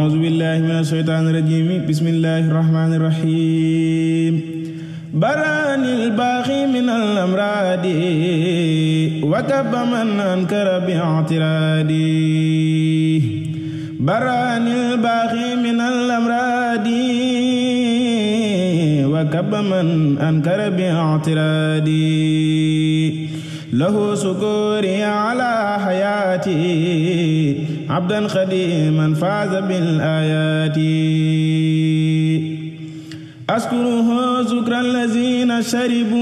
أعوذ بالله من الشيطان الرجيم بسم الله الرحمن الرحيم بران الباغي من الأمراض وكب من أنكر باعترادي بران الباغي من الأمراض وكب من أنكر باعترادي له سكوري على حياتي عبدا خديما فاز بالآيات أشكره شكر الذين شربوا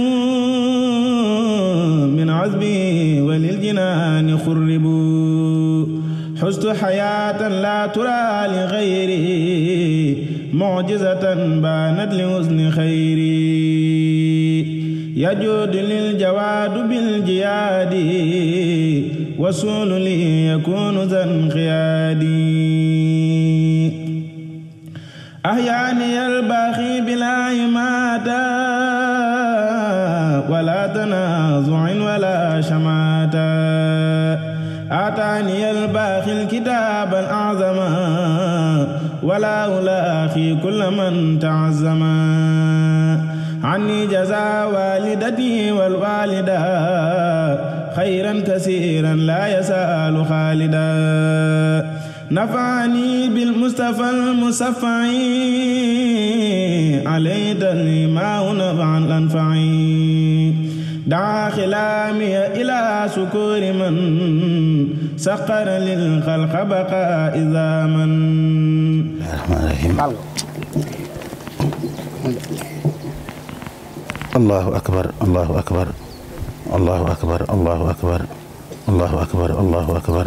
من عذبه وللجنان خربوا حزت حياة لا ترى لغيري معجزة بانت لحسن خيري يجود للجواد بالجياد وسول لي يكون ذا انقيادي أحياني الباخي بلا إماتة ولا تنازع ولا شماتة أعطاني الباخي الكتاب الأعظم ولا ألاخي كل من تعزم عني جزا والدتي والوالدة خيرا كثيرا لا يسأل خالدا نفعني بالمصطفى المصفع عليتني ما نفعا الأنفع دعا خلامي إلى سكور من سقر للخلق بقاء إذا من الرحمن الرحيم الله أكبر الله أكبر allahu akbar allahu akbar allahu akbar allahu akbar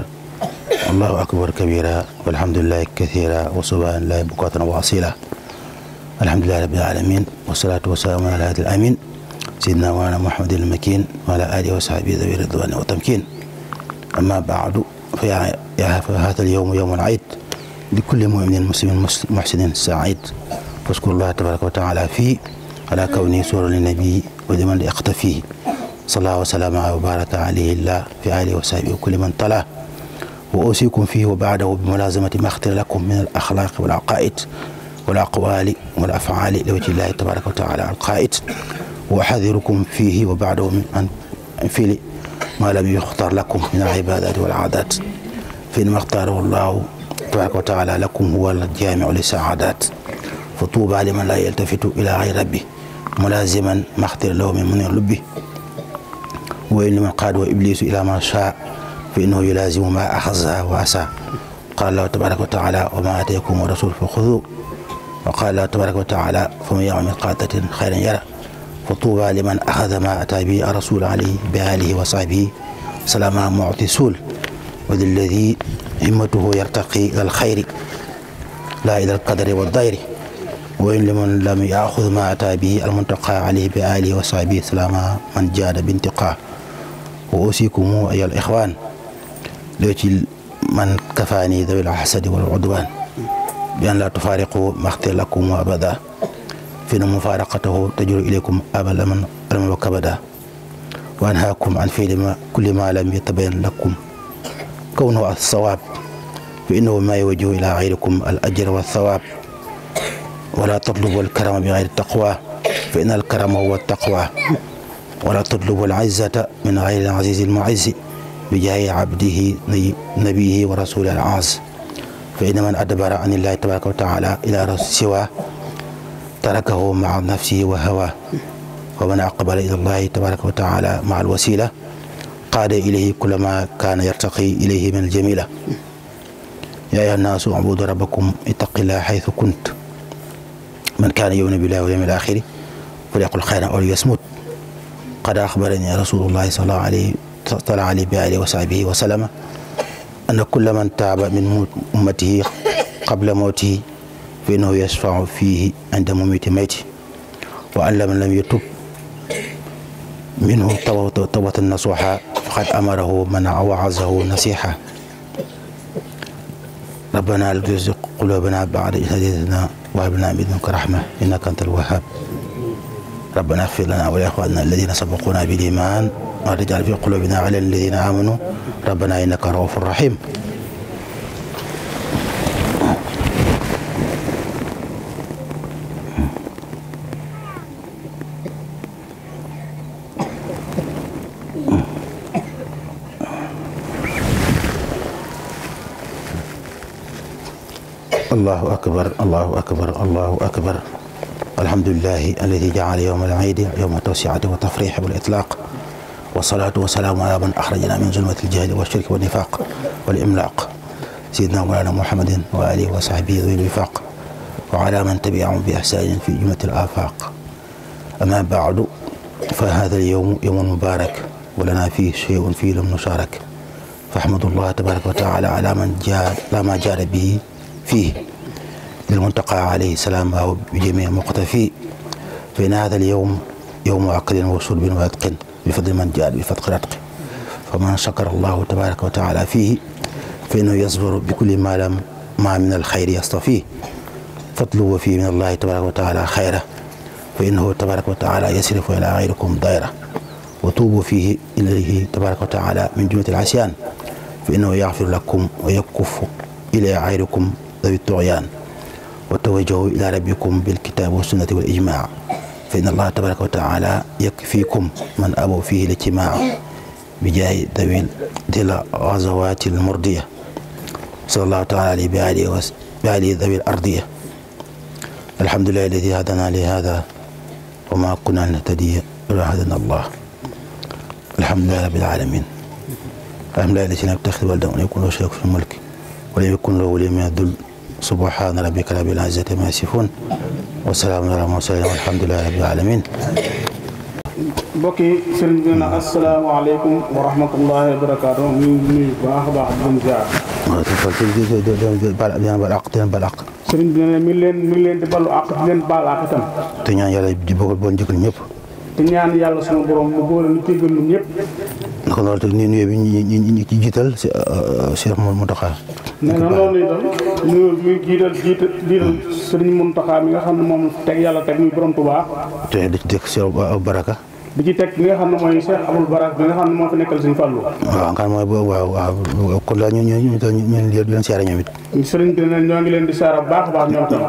allahu akbar kabira walhamdulilahi kathira wa subhanallahi bukatan wa asila alhamdulilahi rabbil alamin wasalatu wasalaamu ala hadi al amin sayidina waana muhammadin al makin wa ala alihi wa sahbihi dawi ridwani wa tamkin amma baadu fa yaa haatal yowmu yowmu al aid li kulli muminin muslimin muhsinin said faskurullah tabaraka wa taala fii ala kawni sura li nabi wa liman li iqta fii salaa wa salaama wa baraka alayhillah fi alihi wa sahbi wa kulli man tala wa usikum fihi wa baadahu bi mulazamati ma axtira lakum min al axlaaqi wal aqaid wal aqwali wal afaali li wajhi llahi tabaraka wa taala alqaid wa axadirukum fihi wa baadahu min an fili ma lam yuxtar lakum min al ibadati wal aadat fa innama xtaarahu llahu tabaraka wa taala lakum huwa al jaamiu li saadat fa tuuba liman la yaltafitu ila gayri rabbi mulaziman ma axtira lahu min munir lubbi wa innama qaad wa iblisu ila ma shaa fa innahu yulazimu ma axaza wa asa qaala allahu tabaraka wa taala wa ma ataakum wa rasul fa xudu wa qaala allahu tabaraka wa taala fa man yamal qaatatin xayran yara fa tuuba liman axada ma ataa bi rasul alayhi bi alihi wa sahbihi salaama muti suul wa dilladi himmatuhu yartaqi ilal xayri laa ilal qadari wa dayri وإن لمن لم يأخذ ما أتى به المنتقى عليه بآله وصحبه سلام من جاد بانتقاه wa usikum ayuha al ixwaan loo ci man kafaani dawil xasadi wal udwaan bi an laa tufaariqu maxte lakum abada fi na mufaaraqatahu tajuru ilaykum abalaman raman wa kabada wa anhaakum an fiili ma kulli ma lam yatabayan lakum kawnahu assawaab fa innahu ma yuwajjihu ila xayrikum al ajra wa thawaab wala tatlubu al karama bi xayri taqwa fa inna al karama huwa taqwa wala tatlubu al-izzata min ghayri al-azizi al-mu'izzi bi jaahi abdihi nabiyihi wa rasulihi al-aaz fa inna man adbara an illahi tabaraka wa taala ila siwa tarakahu maa nafsihi wa hawa wa man aqbala ila allahi tabaraka wa taala maa al-wasila qaada ilayhi kulla ma kaana yartaqi ilayhi min al-jamila yaa ayyuha naasu ubudu rabbakum ittaqillaha haythu kuntum man kaana yu'minu billahi wal yawmil aakhiri falyaqul khayran aw liyasmut qad axbarani rasulullahi sala alayhi taala alayhi bi alihi wa sahbihi wa salama anna kulla man taaba min ummatihi qabla mawtihi fa innahu yashfau fihi inda mamiti mayti wa an man lam yatub minhu tawbatan nasuha faqad amarahu man awaazahu nasiha rabbana la tuzig qulubana ba'da idh hadaytana wa hab lana min ladunka rahma innaka antal wahhab ربنا اغفر لنا ولإخواننا الذين سبقونا بالإيمان ولا تجعل في قلوبنا غلا للذين آمنوا ربنا إنك رؤوف رحيم allahu akbar allahu akbar allahu akbar alhamdulilahi alladi jaala yowma alciidi yowma tawsiati wa tafrixi wal itlaaq wasalaatu wasalaamu ala man axrajana min zulmati aljahli walshirki walnifaaq walimlaaq sayidna mawlana muhammadin wa alihi wa sahbihi dawil wifaaq wa ala man tabiahum bi ihsaanin fi jumlati alafaaq amma baadu fa hada alyowmu yowmun mubaarak wa lana fiihi shay'un fiihi lam nusaarak fa ahmadu llah tabaraka wa taala ala man jaada ala ma jaada bihi fiihi للمنتقى عليه السلام أو بجميع مقتفي فإن هذا اليوم يوم أكل وشرب وأتقن بفضل من جاء بفتق الأتق فمن شكر الله تبارك وتعالى فيه فإنه يصبر بكل ما لم ما من الخير يصطفيه فاطلبوا فيه من الله تبارك وتعالى خيره فإنه تبارك وتعالى يصرف إلى غيركم دائره وتوبوا فيه إليه تبارك وتعالى من جملة العصيان فإنه يغفر لكم ويكف إلى غيركم ذوي الطغيان wa tawajjahu ila rabbikum bil kitaabi wa sunnati wal ijmaa fa inna allaha tabaraka wa taala yakfikum man abu fihi l ijtimaa bi jaahi dawil dil ghazawaati l murdiya sallallahu taala alayhi bi alihi wa alihi dawil ardiya alhamdulillahi alladi hadana li hada wa ma kunna nahtadiya lawla hadana allah alhamdulillahi rabbil alamin alhamdulillahi alladi lam yattakhidh waladan wa lam yakun lahu shariikun fil mulki wa lam yakun lahu waliyyun min ad-dhull subhaana rabbika rabbil izzati ammaa yasifuun wa salaamun alal mursaliin walhamdulillaahi rabbil aalamiin mbokk yi sëriñ bi na asalaamaaleykum wa rahmatullaahi wa barakaatu ñu ngi nuyu baax a baax di leen ziar. waaw di leen baal àq sëriñ bi ne mi ngi leen mi ngi leen di balu àq di leen baal àq itam. te ñaan yàlla di bokkal boon jëkkal ñëpp. te ñaan yàlla sunu borom mu boole ñu jéggal ñëpp. kon loolu tamit nuyoo bi ñu ñu ci jiital si euh, euh, Cheikh Mountakha. nee na loolu lay doon nuyoo bi ñu jiital jiital jiital Serigne Mountakha mi nga xam ne moom teg yàlla teg muy borom Tuubaa. te di ci dëkk Cheikh Baraka. di ci teg li nga xam ne mooy si Abdou Barak bi nga xam ne moo nekkal Sëriñ Fallou. waaw waaw waaw leen di a baax ñoom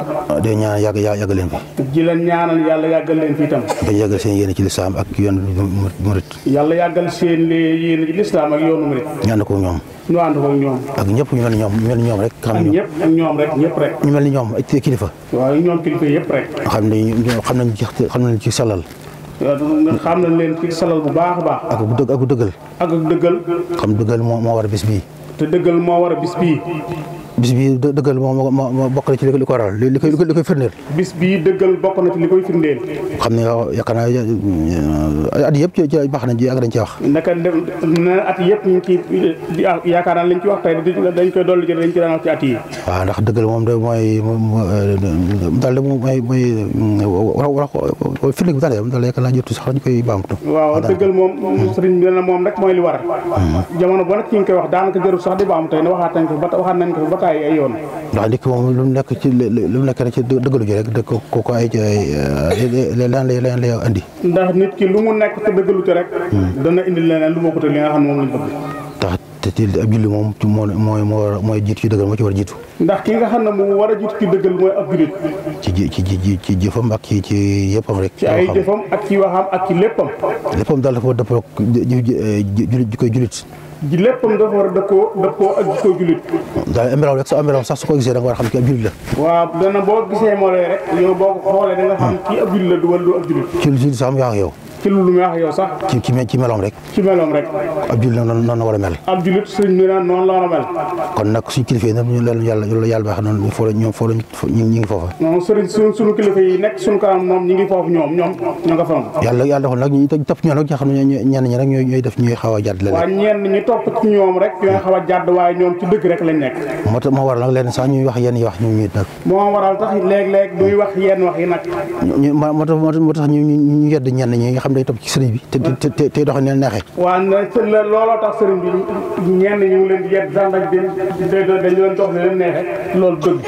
ak yoonu yàlla yàggal seen ko ñoom. ñu ànd ko ñoom. ak ñëpp ñu mel ni ñoom xam ne ñëpp ak ñoom rek ñëpp kilifa. waaw ñoom kilifa yëpp rek. xam nañu xam ci xam nañu xam nañ leen ci salal bu baax a baax. ak dëgg ak dëggal. ak dëggal. xam dëggël moo moo war a bis bii. te dëggal moo war a bis bis bii dëggal moom moo moo bokk na ci li koy firndeel. bis bii dëggal bokk na ci li koy firndeel. xam ne yaakaar naa at yëpp ci baax nañ ci ak dañ ci na at yëpp ñu ngi ciy ah, yaakaar naa lañ ci wax tey dañ koy dolli jël dañ ci daan wax ci at yi. waaw ndax dëggal moom de mooy moom mooy mooy a a firnde bi daal de mm, moom daal yaakaar naa jotu sax dañ koy mm-hmm. mooy li war. Mm-hmm. jamono boo nag ñu ngi wax daanaka jarul sax di baam tey waxaat nañ ko ba waxaat nañ ko ba ay ay yoon. ndax nit moom lu nekk lu mu rek ci dëggalu ji lu mu nekk te hmm. li nga xam ne moom lañ bëgg. te ab julli moom mooy jiitu ci dëggal a jiitu. ndax ki nga xam ne moom a jiitu ci dëggal mooy ab jullit. ci ci ji ci jëfam ak ci ci yëppam rek. ci ay jëfam ak ci waxam ak daal dafa dëppoo ji koy jullit. ji lépp dafa war a dëppoo dëppoo ak jikko jullit. daanaka sa amiram sax su ko gisee nga war a xam kii ab jullit la. waaw dana boo gisee moo lay boo ko xoolee da xam kii ab jullit du wala du ab jullit. yow. ci lu muy wax yow sax. ci ci ci meloom rek. ci meloom rek. ab jullit noonu noonu la war a mel. ab jullit sëriñ bi naan noonu la war a mel. kon nag suñu kilifa yi ñu loolu yàlla loolu yàlla baax noonu foo la ñoom foo la ñu ngi foofa. non sëriñ suñ suñu kilifa yi nekk suñu kanam moom ñu ngi foofu ñoom ñoom ñoo nga fa. ñu ñoom rek ñoo xam ne ñenn ñi rek ñooy ñooy def a jàdd la waaw ñenn ñi topp ci ñoom rek a jàdd tax moo waral nag sax wax yenn yi ñu ñu nag. moo waral tax ñu ñu yedd ñenn ñi nga xam xelam day topp ci sëriñ bi te te te tey doxee neen na sëñ looloo tax sëriñ bi ñu ngi leen di yet loolu dëgg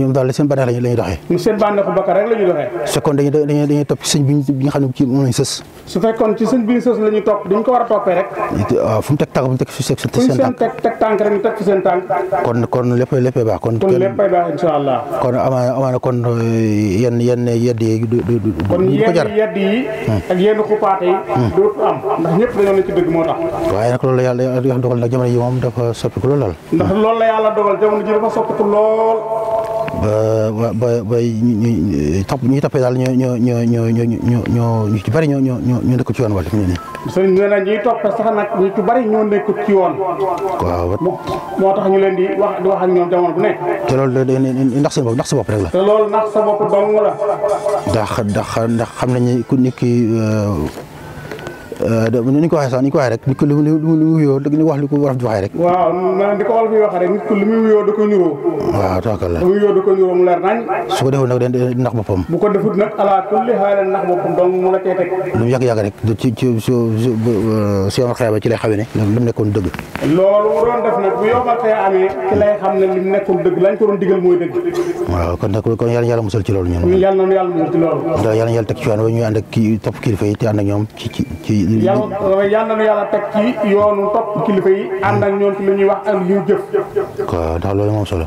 ñoom daal seen bànneex la ñuy doxee seen bànneexu bakkan la ñuy doxee su fekkoon dañuy dañuy dañuy topp ci sëñ bi bi nga xam ne ci moom lañ sës su fekkoon ci sëñ bi ñu sës la topp dañ ko war a toppee rek waaw mu teg tànk fu mu teg seen tànk mu seen teg teg tànk rek kon kon lépp baax kon kon lépp baax insha allah kon amaana amaana kon eh, yenn yenn yedd yi du du du ko yenn xupaate yi. dootu am ndax ñëpp dañoo ne ci dëgg moo tax. waaye nag loolu la yàlla dogal nag jamono yi moom dafa soppiku lool. ndax loolu la yàlla dogal jamono ji dafa soppiku lool. ba ba ba ñuy topp ñuy toppee daal ñoo ñoo ñoo ñoo ñoo ñoo ñu ci bëri ñoo ñoo ñoo nekk ci yoon wala fi mu ne nii. sëriñ nee na ñuy topp sax nag ñu ci bëri ñoo nekk ci yoon. waaw moo tax ñu leen di wax di wax ak ñoom jamono bu nekk. te loolu day ndax seen bopp ndax sa bopp rek la. te loolu ndax sa bopp dong la. ndax ndax ndax xam nañu ku nit ki. Euh, Euh, ni ko waxee sax ni ko waxee rek nit ko li mu li mu wuyoo ni ko wax li ko war di waxee rek. waaw man di ko war di waxee rek nit ko li mu wuyoo da ko niroo. waaw tawakkal li mu wuyoo da ko niroo mu leer nañ. su ko defut nag day nax boppam. bu ko defut nag ala kulli xaal nax boppam donc mu la cay teg. lu mu yàgg-yàgg rek du ci ci su su su yomal xeeba ci lay xawee ne. li mu nekkoon dëgg. loolu mu doon def nag bu yomal xee amee ci lay xam ne li mu nekkoon dëgg lañ ko doon digal mooy dëgg. waaw kon nag kon yàlla yàlla musal ci loolu ñun. yàlla na yàlla musal ci loolu. yàlla yàlla teg ci waan ñu ànd ak kii topp kilifa yi te ànd ak ñoom ci ci yàlla yal na nu yàlla teg ci yoonu topp kilifa yi ànd ak ñoom ci lu ñuy wax ak lu ñuy jëf. waaw solo.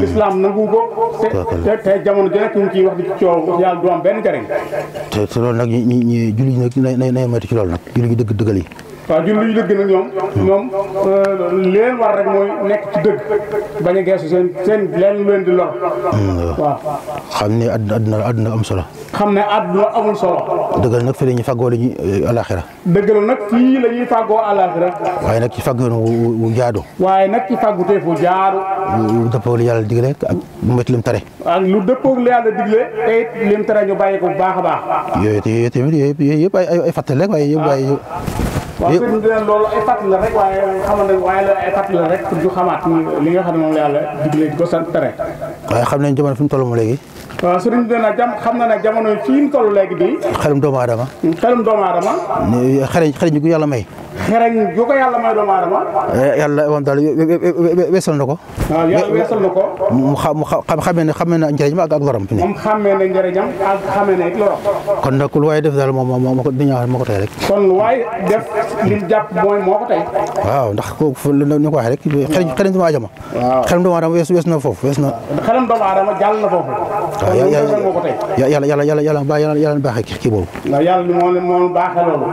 lislaam nangu ko te te jamono ji nag ñu ngi ciy wax di coow du am benn njëriñ te loolu nag ñi ñi julli nag nay nay moytu ci loolu nag julli gi dëgg yi waaw ñun li dëgg nag ñoom ñoom euh, leen war rek mooy nekk ci dëgg bañ geesu seen seen leen lu leen di lor. Hmm. xam ne àdduna àdduna am solo. xam ne àdduna amul solo. dëggal nag ñuy fàggoo euh, la ñuy alaxira. la ñuy ci fàggu wu jaadu. waaye nag ci fàggu teef wu jaadu. lu yàlla digle ak lu lim tere. lu dëppoo li yàlla digle te it lim tere ñu bàyyi ko bu baax a baax. yooyu yooyu tamit yooyu yëpp ay ay fàttali waaw xëy eh. na loolu ay waaye li nga xam ne moom la yàlla waaye xam nañ jamono fi mu toll moom léegi. waaw sëriñ bi nag jam xam na nag jamono fii mu toll xelum doomu aadama. xelum doomu aadama. xarañ xarañ yàlla may. xereñ yàlla may doomu aadama. yàlla moom ko. mu xa mu xa xamee ne xamee na njëriñam ak ak loram. kon nag lu waay def moom moo moo ko du ñaax rek. kon lu ndax ko ni ko waxee rek. xereñ xereñ doomu aadama. waaw na foofu wees na. xereñ doomu aadama jàll na foofu. waaw yàlla yàlla yàlla yàlla baaxee kii boobu. waaw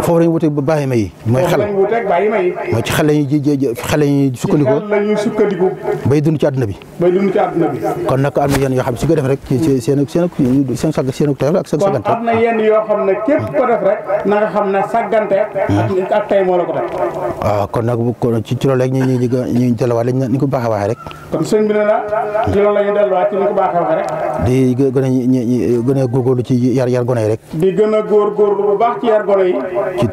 foofu la ñu wutee baaxee may mooy xel lañ wuuteeg bàyyi ma yi. waaw ci xale yi ji xale yi sukkandikoo ci la ñuy sukkandiku. bay dund ci àdduna bi. bay dund ci àdduna bi. kon nag am na yenn yoo xam ne su ko def rek. ci seen seen seen sag seen teel ak seen saggante. kon am na yenn yoo xam ne képp ko def rek. na nga xam ne saggante. ak ak tey moo la ko teg. waaw kon nag kon ci loolu rek ñu ñu ñu ñu delluwaat lañ ni ko baax a waxee rek. kon sëñ bi ne la. ci loolu la ñu delluwaat ci ni ko baax a waxee rek. di gën a ñu gën a góorgóorlu ci yar yar gone yi rek. di gën a góorgóorlu bu baax ci yar gone yi.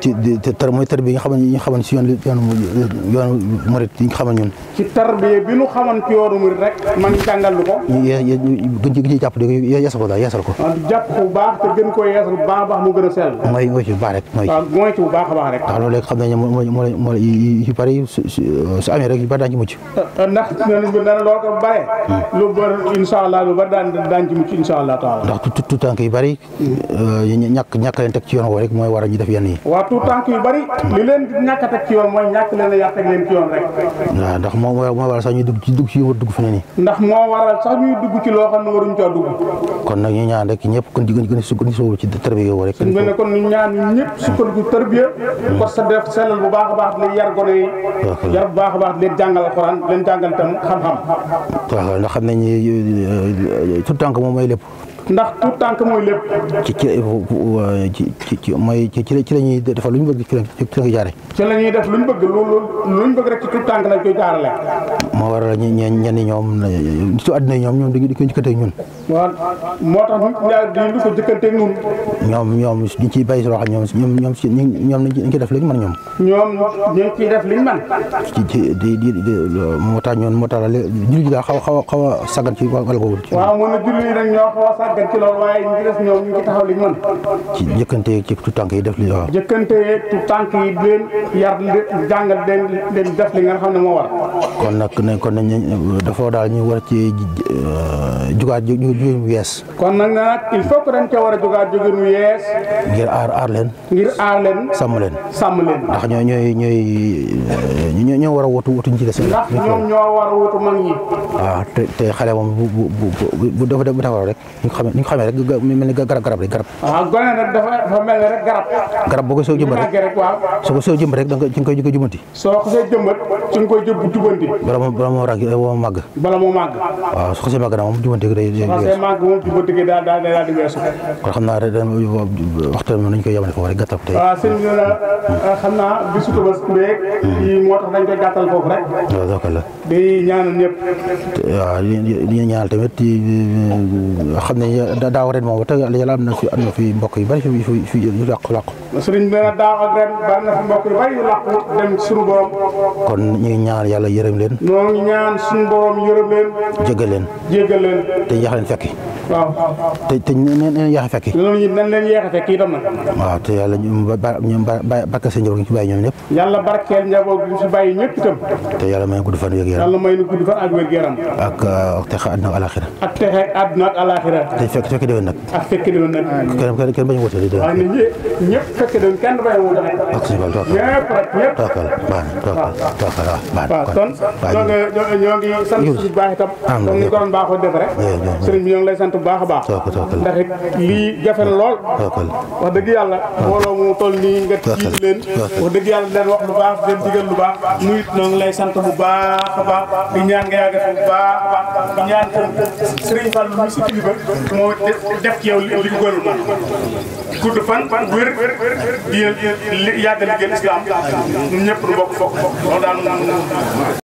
ci ci te mooy tër bi nga xam ne yi ñu xamoon si yoon murit yi xamoon ñun. ci tarbiya bi ñu xamoon ci yoonu murit rek man jàngal lu ko. gën ci jàpp di yeesal ko daal yeesal ko. Ah, jàpp bu baax te gën koo yeesal baax baax mu gën a sell. mooy mooy ci bu baax rek mooy. ci ah, loolu léegi xam nañ ne moo moo moo yu bari su su amee rek yu bari daan ci mucc. Ah, ndax dinañ ko hmm. bari incha allah yu bari hmm. euh, ñàkk ñàkk leen teg ci yoon woo rek mooy waral ñu def yenn yi. waaw tout tànk yu bari hmm. li leen ñàkk a teg ci yoon mooy ñàkk leen a yar teg leen ci yoon rek. waaw ndax moo moo waral sax ñuy dugg ci dugg ci dugg fi ne nii. ndax moo waral sax ñuy dugg ci loo xam ne waruñ caa dugg. kon nag ñu ñaan rek ñëpp kon di gën gën a sukkandiku ci tarbiya yow rek. ñu ne kon ñu ñaan ñëpp sukkandiku tarbiya. Hmm. parce que def sellal bu baax a baax di leen yar gone yi. yar bu baax a baax di leen jàngal alxuraan di leen jàngal tam xam-xam. waaw ndax xam nañ ni euh, euh, tout tànk moom mooy lépp. ndax tout tànk mooy lépp. Euh, ci ci ci mooy ci ci la ci la ci la ñuy def lu bëgg lu lu ñu bëgg rek ci tout tànk lañ koy jaarale. moo waral ñu ñenn ñenn ñoom su àddina ñoom ñoom dañu ko jëkkanteeg ñun. waaw moo tax ñu daal dañu ñoom ñoom ñu si loo xam ñoom ñoom si ñoom dañu ciy def ñoom. ñoom ñu ngi ciy def li ñu mën. ci di di di moo tax ñoom moo la julli ji daal xaw xaw xaw a sagan ci wàll boobu. waaw mu ne julli yi nag ñoo sagan sàggan ci loolu waaye yi def li nga kon nag ne kon nañ dafa daal ñu war ci euh, jugaat ju ju yees. kon nag nag il faut que dañ cee war a ngir aar aar leen. ngir aar leen. sàmm leen sàmm leen. ndax ñoo ñooy ñooy euh, ñoo war a wutu ci des. ndax ñoom ñoo war a wutu mag ah, te xale moom bu bu bu bu dafa def rek. xamee ni ñu xamee rek mel ni garab garab rek garab ah, gone nag dafa mel ne rek garab garab boo ko soo jëmbat rek soo ko soo rek da nga ci nga koy jubbanti soo ko soo jëmbat ci nga koy jub bala moo bala moo eh, moo màgg bala moo màgg waaw su xasee màgg na moom jubbanti day daal daal di weesu kon xam nañ ko tey waaw ah, sëñ bi ah, xam naa bisu Tabaski hmm. moo tax dañ koy gàttal foofu rek di ñaanal ñëpp. waaw di ñaanal tamit euh, xam ne daaw ren moom ba tey na fi am na fi mbokk yu bari fi fi fi yu làqu-làqu. sëriñ bi bari na fi mbokk bari yu dem suñu kon ñu ñaan yàlla yërëm leen. ñoo ñaan suñu borom yërëm leen. jégal leen. fekki. waaw te te ñu a fekki loolu nan leen yeex a fekki itam nag waaw te yàlla ba ñoom barke ci bàyyi ñoom ñëpp yàlla barkeel njaboot gi ci bàyyi ñëpp itam te yàlla may gudd fan nu gudd yaram ak texe àdduna ak te fekk fekk déwén nag kenn bañ a woote déwén waaw ñëpp fekk déwén kenn bañ a woote ak suñu toog ñëpp na toog ko doon baaxoo def rek bu baax a baax ndax it lii jafe na lool wax dëgg yàlla mbooloo mu toll nii nga jiitu leen wax dëgg yàlla leen wax lu baax leen digal lu baax nu it noo ngi lay sant bu baax a baax di ñaan nga yàgg bu baax a baax di ñaan ko Sëriñ Fall mi si kilifa moo def ci yow li ko gënul ma gudd fan wér di yàgg liggéey islam ñun ñëpp nu